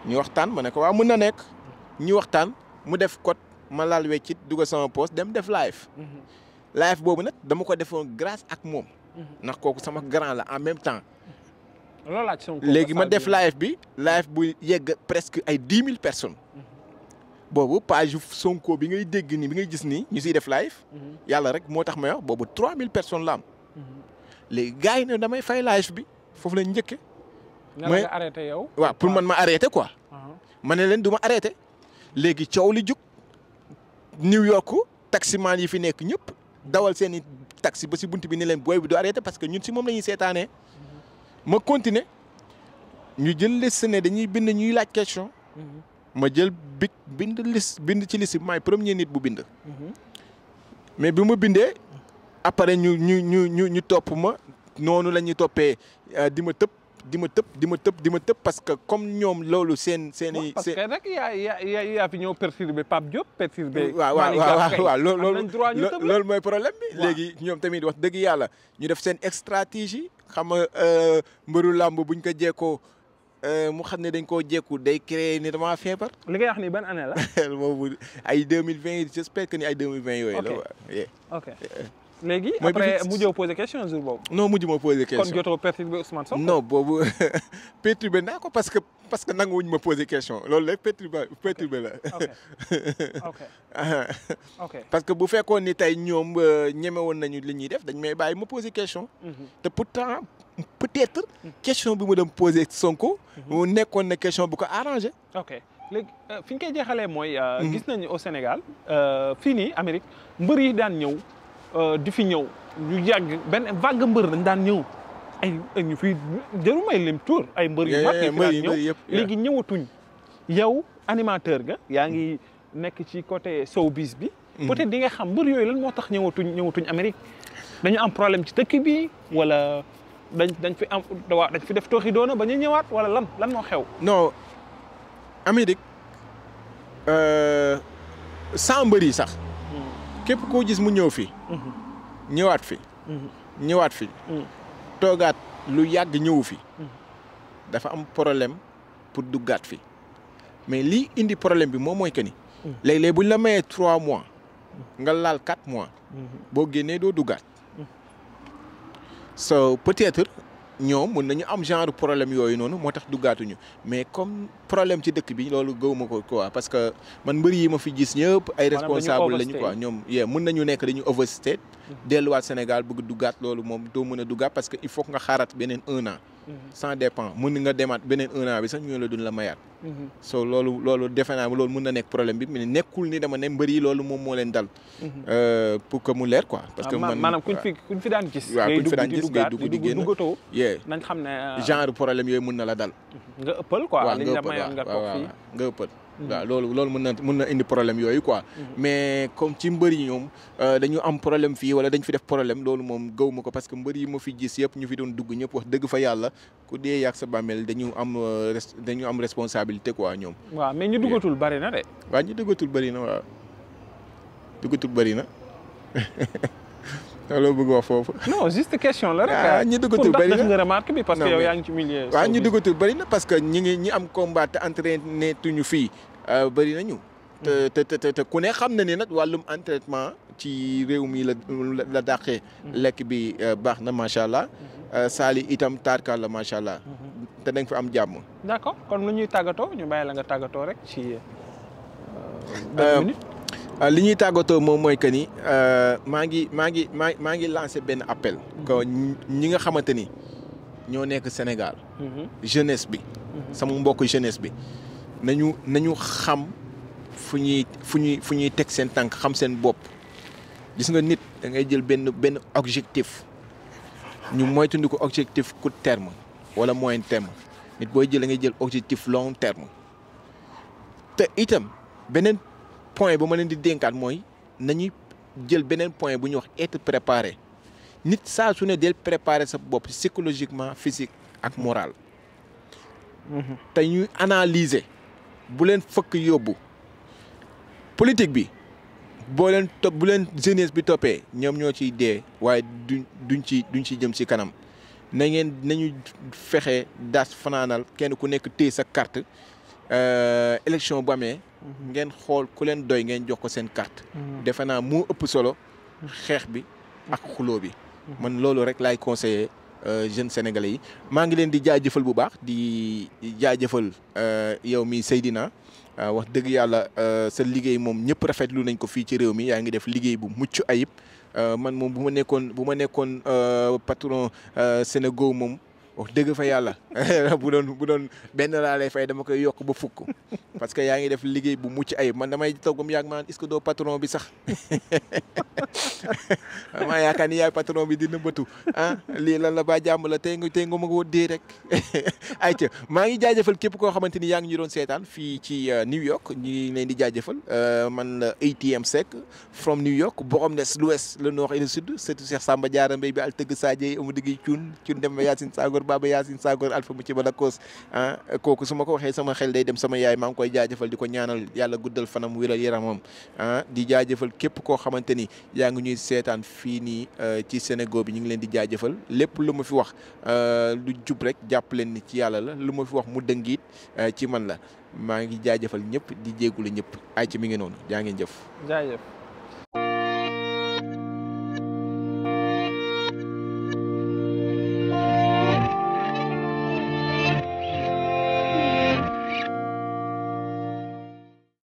ñu waxtaan ma ne ko waaw mën na nekk. ñu waxtaan mu def code ma laal weccit dugal sama post dem def live. live boobu nag dama ko defoon grâce ak moom. Mhm. ndax kooku sama grand la en même temps. Mhm. léegi ma def live bi live bu yegg presque ay dix mille personnes. Mhm. boobu page Sonko bi ngay dégg nii bi ngay gis nii ñu siy def live. yàlla rek moo tax ma wax boobu trois mille personnes la léegi gars yi ne damay fay live bi foofu lañ njëkke mais arrêté yow. waaw pour man ma ah. arrêté quoi. Uh-huh. ma ne leen du ma arrêté. léegi coow li jug New York taximaan yi fi nekk ñëpp. dawal seen i taxi ba si bunt bi ni leen booy bi du arrêté parce que ñun si moom la ñuy seetaanee ma continuer ñu jël liste ne dañuy bind ñuy laaj question ma jël bic bind liste bind ci liste bi premier nit bu bind mais bi ma bindee après ñu ñu ñu ñu ñu topp ma noonu la ñuy toppee euh, di ma tëb di ma tëb di ma tëb di ma parce que comme ñoom loolu seen seen i. parce que nag yaa yaa fi ñëw perturbé Pape Diop. perturbé waaw waaw waaw loolu mooy problème bi. léegi ñoom tamit wax dëgg yàlla ñu def seen stratégie xam nga euh, mbëru làmb buñ ko jekkoo euh, mu xam ne dañ koo jekku day créer ni damaa feebar. li ngay wax ni ban année la. boobu ay deux mille vingt j'espère que ni ay deux mille vingt yooyu la. léegi après mujjoo posé question jour boobu. non mujj moo posé question kon jotoo perturbé Ousmane Sonko. non boobu perturbé naa ko parce que parce que nanguwuñ ma posé question loolu rek perturbé la. ok parce que bu fekkoon ni tey ñoom euh, ñemewoon nañu li ñuy def dañ may bàyyi ma posé question. Mhm. te pourtant peut-être. question bi mu dem posé Sonko. Mhm. mu nekkoon na question bu ko arrangé. ok léegi euh, fi ñu koy jeexalee mooy. Euh, mhm. gis nañu au Sénégal fii nii Amérique mbër yi daan ñëw. Euh, di fi ñëw ñu yàgg benn vague mbër dañ daan ñëw ay ñu fi jëru may tour ay mbër yu mag yi fi léegi ñëwatuñ yow animateur ga yaa ngi nekk ci côté showbiz bi mm-hmm. peut-être di nga xam mbër yooyu lan moo tax ñëwatuñ ñëwatuñ Amérique dañu am problème ci dëkk bi wala dañ dañ fi am dañ fi def tooxi doona ba ñu ñëwaat wala lan lan moo xew non Amérique sans euh, mbër yi sax képp koo gis mu ñëw fi ñëwaat fi ñëwaat fi toogaat lu yàgg ñëwu fi dafa am problème pour duggaat fi mais li indi problème bi moom mooy que ni léeg bu buñ la mayee trois mois nga laal quatre mois boo génnee doo duggaat so peut ñoom mun nañu am genre problème yooyu noonu moo tax duggaatuñu mais comme problème ci dëkk bi loolu gëwuma ko quoi parce que man mbëri yi ma fi gis ñëpp. ay responsable lañu quoi ñoom. yee mun nañu nekk dañu overstate mm-hmm. delluwaat Sénégal bëgg duggaat loolu moom doo mën a duggaat parce que il faut nga xaaraat beneen un an. sans mhm. dépend mun nga demaat beneen un an bi sax ñu la duñ la mayaat. Mhm. so loolu loolu defe naa loolu mun na nekk problème bi mais nekkul ni dama ne mbër loolu moom moo leen dal. Mhm. Euh, pour que mu leer quoi. parce ah, que maanaam kuñ fi daan gis. waaw kuñ fi daan dugg di génn nañ xam ne euh, genre problème yooyu mun na la dal. nga ëppal quoi. nga ëppal. waaw loolu loolu mën na mën na indi problème yooyu quoi. Mhm. mais comme ci mbër yi ñoom euh, dañu am problème fii wala dañ fi def problème loolu moom gaw ko parce que mbër yi ma fi gis yëpp ñu fi doon dugg ñëpp wax dëgg fa yàlla ku dañu am euh, dañu am responsabilité quoi ñoom. waaw mais ñu duggatul bari na de. waaw ñu bari na waaw duggatul bari na. loolu foofu. non juste question la rek. ah, ah. ñi duggatul bëri na nga remarque bi parce que ñi na parce que ñi ngi ñi am combat te entraîné tuñu fii. Euh, bëri nañu. Mm. te te te ku ne xam na ne nag wàllum entraitement ci réew mi la la mm. lekk bi euh, baax na macha allah. Mm-hmm. Euh, saali itam taarkaar la macha allah. Mm-hmm. te dañ fi am jàmm. d'accord kon lu ñuy tàggatoo ñu bàyyi la nga tàggatoo rek ci. li ñuy tàggatoo moom mooy que ni maa ngi maa ngi maa maa ngi lancé benn appel. Mm-hmm. que ñi nga xamante ni ñoo nekk Sénégal. jeunesse bi. sama mbokk jeunesse bi. nañu nañu xam fu ñuy fu ñuy fu ñuy teg seen tànk xam seen bopp gis nga nit da ngay jël benn benn objectif ñu moytundi ko objectif court terme wala moyen terme nit booy jël da ngay jël objectif long terme te itam beneen point ba ma leen di dénkaat mooy nañuy jël beneen point bu ñuy wax être préparé nit saa su ne del préparé sa bopp psychologiquement physique ak moral mm-hmm. te ñuy analyser buleen leen fëkk yóbbu politique bi boo leen topp bu leen jeunesse bi toppee ñoom ñoo ciy dee waaye duñ duñ ci duñ ci jëm si kanam na ngeen nañu fexe daas fanaanal kenn ku nekk téye sa carte euh, élection bu amee. Mhm. ngeen xool ku leen doy ngeen jox ko seen carte. Mhm. defe naa moo ëpp solo. xeex bi ak xuloo bi. Mhm. man loolu rek laay conseiller. Euh, jeunes sénégalais yi maa ngi leen di jëfal bu baax di jaajëfal euh, yow mi Seydina euh, wax dëgg yàlla sa liggéey moom ñëpp rafetlu nañ ko fii ci réew mi yaa ngi def liggéey bu mucc ayib man moom bu nekkoon bu ma nekkoon patron Sénégal moom. wax dëgg fa yàlla bu doon bu doon benn laa lay fay dama koy yokk ba fukk parce que yaa ngi def liggéey bu mucc ay man damay toog ba mu yàgg ma est-ce bi sax maa yaakaar ni yaay bi dina bëtu ah lii lan la baa jàmm la nga tey nga ma ko dee rek ayca maa ngi jaajëfal képp koo xamante ni yaa ngi ñu doon seetaan fii ci euh, New York ñu ngi leen di jaajëfal euh, man la ATM Seck from New York borom des l'ouest le nord et le sud surtout Cheikh saa Diarra Mbaye bi al tëgg Sadio Amadou Guèye Thioune Thioune dem ba Yacine Sago Sagor Baba Yacine Sagor Alpha mu ci bala koos ah kooku su ma ko waxee sama xel day dem sama yaay maa ngi koy jaajëfal di ko ñaanal yàlla guddal fanam wéral yaramam ah di jaajëfal képp koo xamante ni yaa ngi ñuy seetaan fii nii eh, ci Sénégal bi ñu ngi leen di jaajëfal lépp lu ma fi wax eh, lu jub rek jàpp leen ni ci yàlla la lu ma fi wax mu dëng eh, ci man la maa ngi jaajëfal ñëpp di jéegulu ñëpp ay ci mi ngi noonu jaa ngeen jëf